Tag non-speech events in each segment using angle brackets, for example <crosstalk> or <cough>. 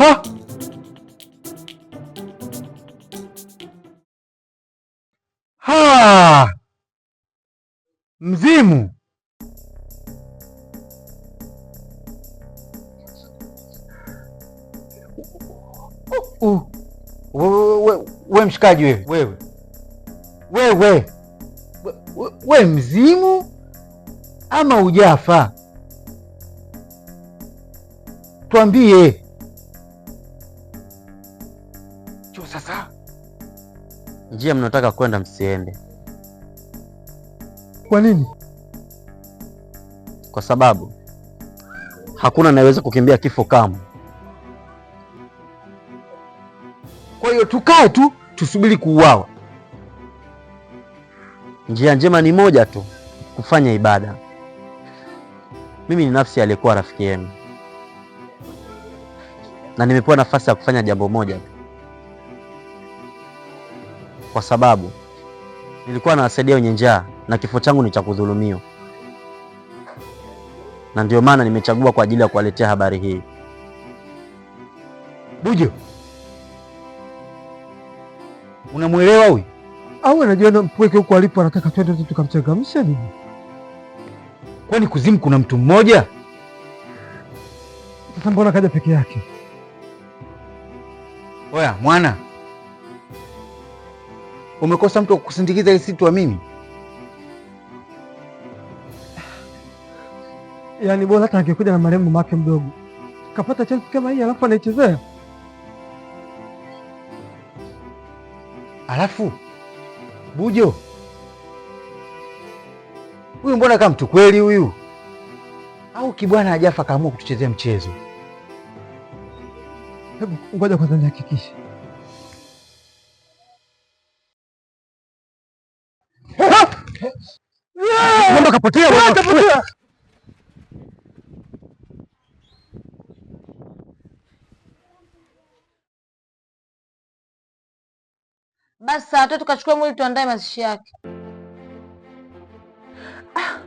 Ha! Ha! Mzimu. Uh, uh, we, we mshikaji wewe wewe wewe we, we mzimu ama ujafa? Twambie. njia mnaotaka kwenda msiende. Kwa nini? Kwa sababu hakuna anayeweza kukimbia kifo kamwe. Kwa hiyo tukae tu tusubiri kuuawa? Njia njema ni moja tu, kufanya ibada. Mimi ni nafsi aliyekuwa rafiki yenu na nimepewa nafasi ya kufanya jambo moja tu kwa sababu nilikuwa nawasaidia wenye njaa na kifo changu ni cha kudhulumiwa, na ndio maana nimechagua kwa ajili ya kuwaletea habari hii. Bujo, unamwelewa huyu au anajua? Na mpweke huko alipo anataka twende tu tukamchangamsha nini? Kwani kuzimu kuna mtu mmoja? Sasa mbona kaja peke yake? Oya mwana Umekosa mtu wa kukusindikiza ili sitwa mimi. Yaani bora hata angekuja na malengo mapya mdogo. Kapata chance kama hii alafu anaichezea. Alafu Bujo huyu mbona kama mtu kweli huyu? Au kibwana ajafa kaamua kutuchezea mchezo? Hebu ngoja kwanza nihakikishe. Mwamba kapotea, kapotea. Basi tukachukua mwili tuandae mazishi yake. Ah,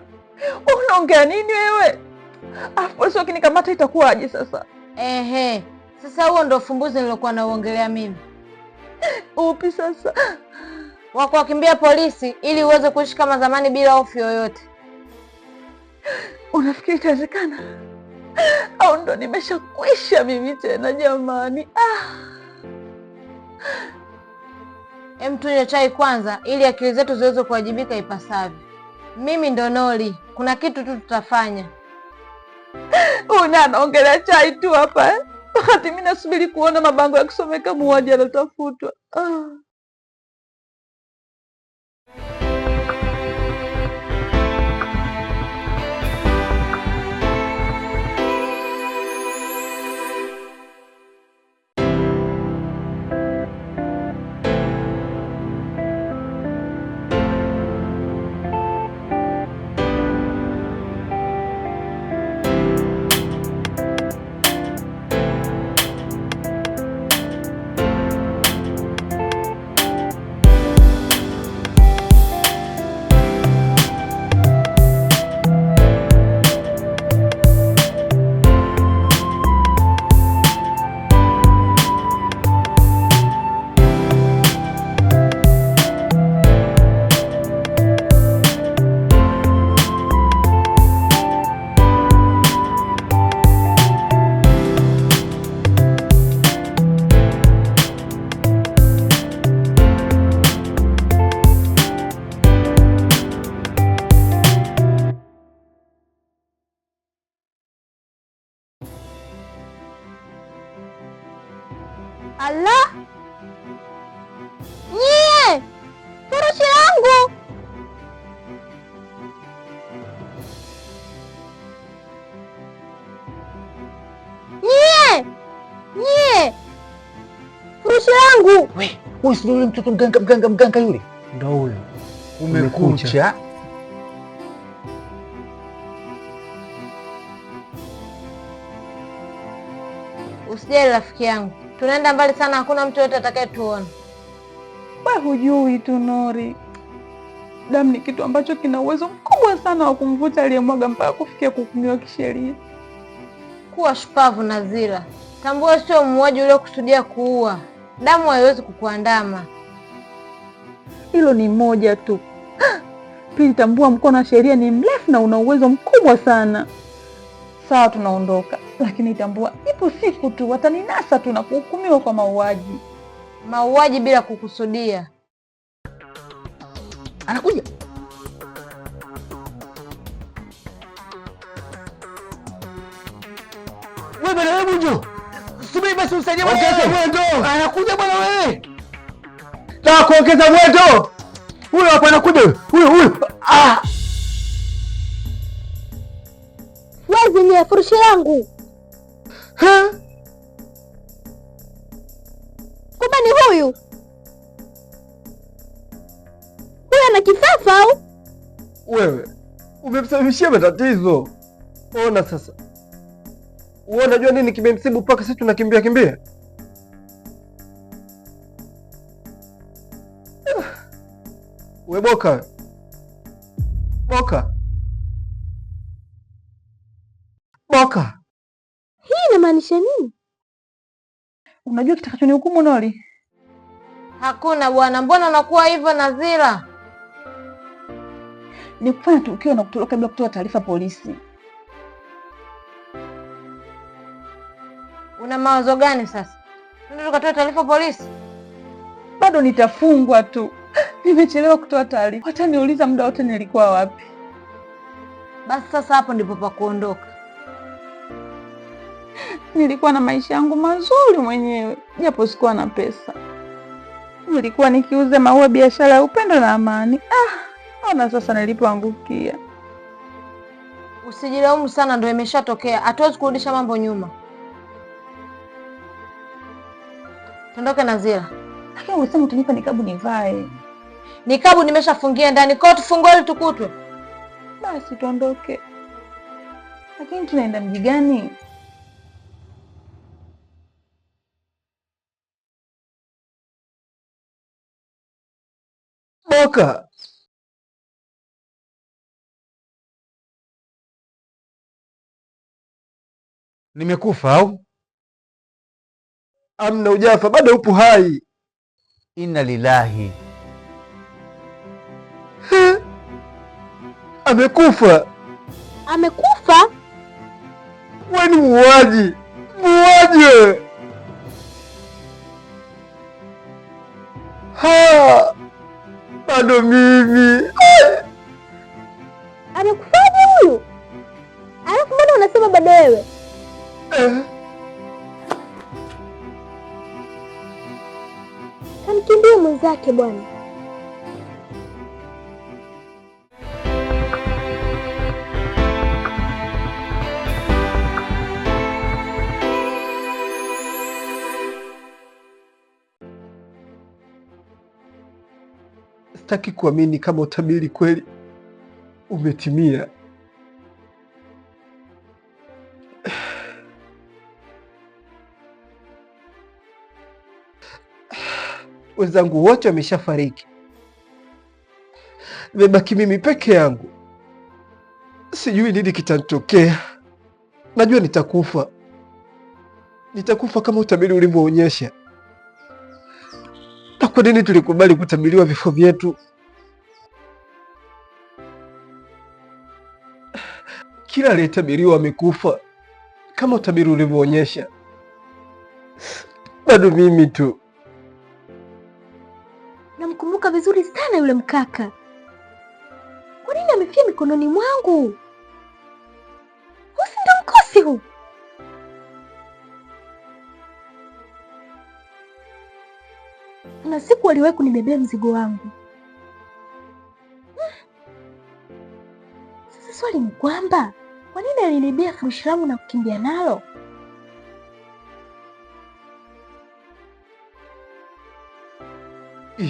unaongea nini wewe? Afu kamata kinikamata itakuwaje sasa? Ehe, sasa huo ndo ufumbuzi nilokuwa nauongelea mimi. Upi sasa? wa kuwakimbia polisi ili uweze kuishi kama zamani bila hofu yoyote. Unafikiri itawezekana au ndo nimeshakwisha mimi tena jamani? Ah, hem, tunywe chai kwanza ili akili zetu ziweze kuwajibika ipasavyo. Mimi ndo Noli, kuna kitu tu tutafanya. Una anaongelea chai tu hapa eh? wakati mimi mi nasubiri kuona mabango ya kusomeka muuaji anatafutwa. Ah. maisha yangu. We, wewe si yule mtoto mganga mganga mganga yule? Ndio huyo. Umekucha. Usijali rafiki yangu, tunaenda mbali sana, hakuna mtu yote atakayetuona. We hujui tu Nori, damu ni kitu ambacho kina uwezo mkubwa sana wa kumvuta aliyemwaga mpaka kufikia kuhukumiwa kisheria. Kuwa shupavu nazira tambua sio muuaji uliokusudia kuua damu haiwezi kukuandama. Hilo ni moja tu. Pili, tambua mkono wa sheria ni mrefu na una uwezo mkubwa sana. Sawa, tunaondoka, lakini tambua ipo siku tu wataninasa tu na kuhukumiwa kwa mauaji. Mauaji bila kukusudia. Anakuja msaidie mwendo. Anakuja bwana wewe. Nataka kuongeza mwendo. Huyo hapo anakuja. Huyo huyo. Ah. Wazi ni furushi yangu. Ha? Kumbe ni huyu. Huyu ana kifafa au? Wewe umemsababishia matatizo. Ona sasa. Wewe unajua nini kimemsibu mpaka sisi tunakimbia kimbia? We boka boka boka, hii inamaanisha nini? Unajua kitakachonihukumu Noli? Hakuna bwana, mbona unakuwa hivyo Nazira? Ni kufanya tukio na kutoroka bila kutoa taarifa polisi. Una mawazo gani sasa? Ndio tukatoa taarifa polisi? Bado nitafungwa tu. <gasps> Nimechelewa kutoa taarifa, wataniuliza muda wote nilikuwa wapi. Basi sasa hapo ndipo pa kuondoka. <sighs> Nilikuwa na maisha yangu mazuri mwenyewe, japo sikuwa na pesa. Nilikuwa nikiuza maua, biashara ya upendo na amani. Ah, ona sasa nilipoangukia. Usijilaumu sana, ndo imeshatokea. Hatuwezi kurudisha mambo nyuma. Tondoke na Zira. Lakini ulisema utanipa nikabu nivae. Nikabu nimeshafungia ndani kwa tufungue ili tukutwe. Basi tuondoke. Lakini tunaenda mji gani? Toka. Nimekufa au? amna ujafa, bado upo hai. Inna lillahi, amekufa. Amekufa? Wewe ni muuaji, muuaji! Ha, bado mimi yake bwana. Sitaki kuamini kama utabiri kweli umetimia. wenzangu wote wameshafariki, nimebaki mimi peke yangu. Sijui nini kitanitokea. Najua nitakufa, nitakufa kama utabiri ulivyoonyesha. Na kwa nini tulikubali kutabiriwa vifo vyetu? Kila aliyetabiriwa amekufa kama utabiri ulivyoonyesha, bado mimi tu namkumbuka vizuri sana yule mkaka. Kwa nini amefia mikononi mwangu? Husi ndo mkosi huu. Na siku aliwahi kunibebea mzigo wangu. Sasa swali ni kwamba kwa nini alinibebea furushi langu na kukimbia nalo?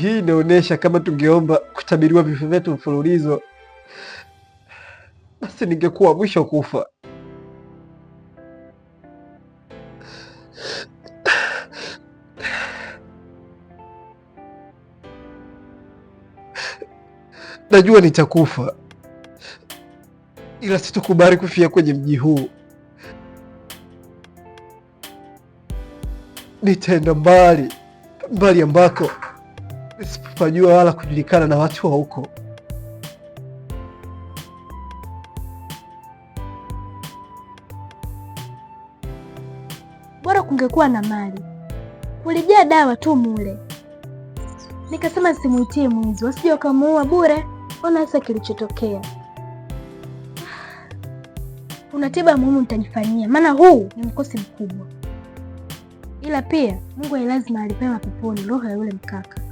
Hii inaonyesha kama tungeomba kutabiriwa vifo vyetu mfululizo, basi ningekuwa mwisho kufa. Najua nitakufa, ila situkubari kufia kwenye mji huu. Nitaenda mbali mbali ambako sipajua wala kujulikana na watu wa huko. Bora kungekuwa na mali, kulijaa dawa tu mule. Nikasema simuitie mwizi, wasije wakamuua bure. Ona sasa kilichotokea. Kuna <sighs> tiba muhimu nitajifanyia, maana huu ni mkosi mkubwa, ila pia Mungu ailazima alipema peponi roho ya yule mkaka.